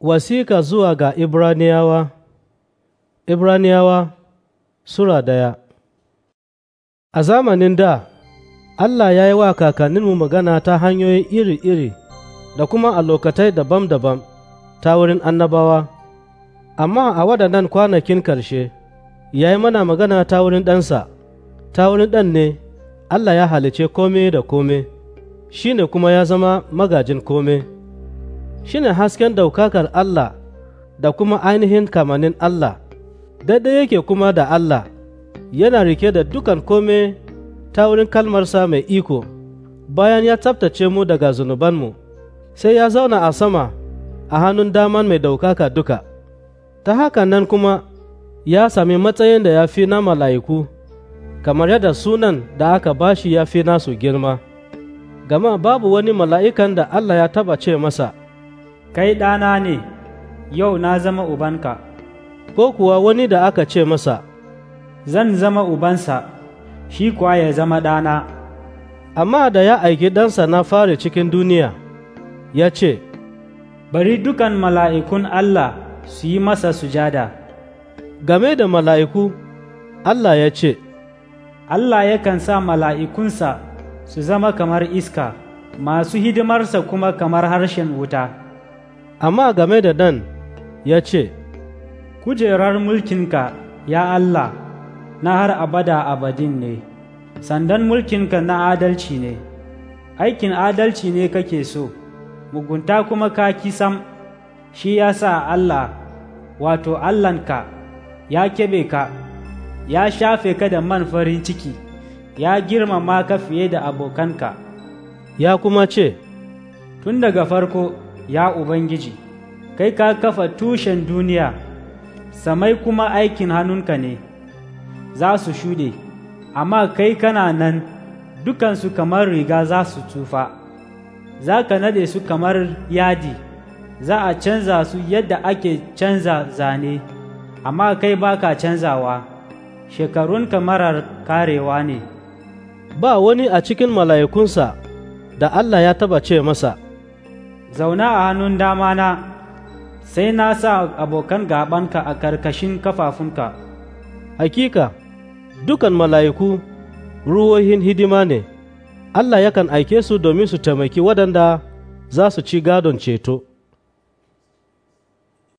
Wasika zuwa ga Ibraniyawa Ibraniyawa Sura daya A zamanin da, Allah ya yi wa kakanninmu magana ta hanyoyi iri-iri da kuma a lokatai daban-daban ta wurin annabawa, amma a waɗannan kwanakin ƙarshe ya yi mana magana ta wurin ɗansa, ta wurin ɗan ne Allah ya halice kome da kome, shi ne kuma ya zama magajin kome. shine hasken daukakar Allah da kuma ainihin kamanin Allah, daidai yake kuma da Allah, yana rike da dukan kome ta wurin kalmarsa mai iko, bayan ya tsabtace mu daga zunubanmu, sai ya zauna a sama a hannun daman mai daukaka duka. Ta haka nan kuma ya sami matsayin da ya fi na mala'iku, kamar yadda sunan da aka bashi ya fi nasu girma, gama babu wani mala'ikan da Allah ya taba ce masa. Kai ɗana ne, yau na zama ubanka, ko kuwa wani da aka ce masa, Zan zama ubansa, shi kuwa ya zama ɗana. Amma da ya aiki ɗansa na fari cikin duniya, ya ce, Bari dukan mala'ikun Allah su yi masa sujada. Game da mala'iku, Allah ya ce, Allah yakan sa mala'ikunsa su zama kamar iska, masu hidimarsa kuma kamar harshen wuta. amma game da dan ya ce, Kujerar mulkinka, ya Allah, na har abada abadin ne, sandan mulkinka na adalci ne, aikin adalci ne kake so, mugunta kuma ka kisam, shi ya sa Allah, wato Allahnka, ya kebe ka, ya shafe ka da man farin ciki, ya girmama ka fiye da abokanka, ya kuma ce, Tun daga farko, ya Ubangiji, kai ka kafa tushen duniya, samai kuma aikin hannunka ne, za su shuɗe, amma kai kana nan dukansu kamar riga za su tufa, za ka nade su kamar yadi, za a canza su yadda ake canza zane, amma kai baka canzawa, shekarun kamarar karewa ne. Ba wani a cikin mala'ikunsa da Allah ya taba ce masa, zauna a hannun damana sai na sa abokan gabanka a karkashin kafafunka hakika dukan mala'iku ruhohin hidima ne Allah yakan aike su domin su taimaki waɗanda za su ci gadon ceto.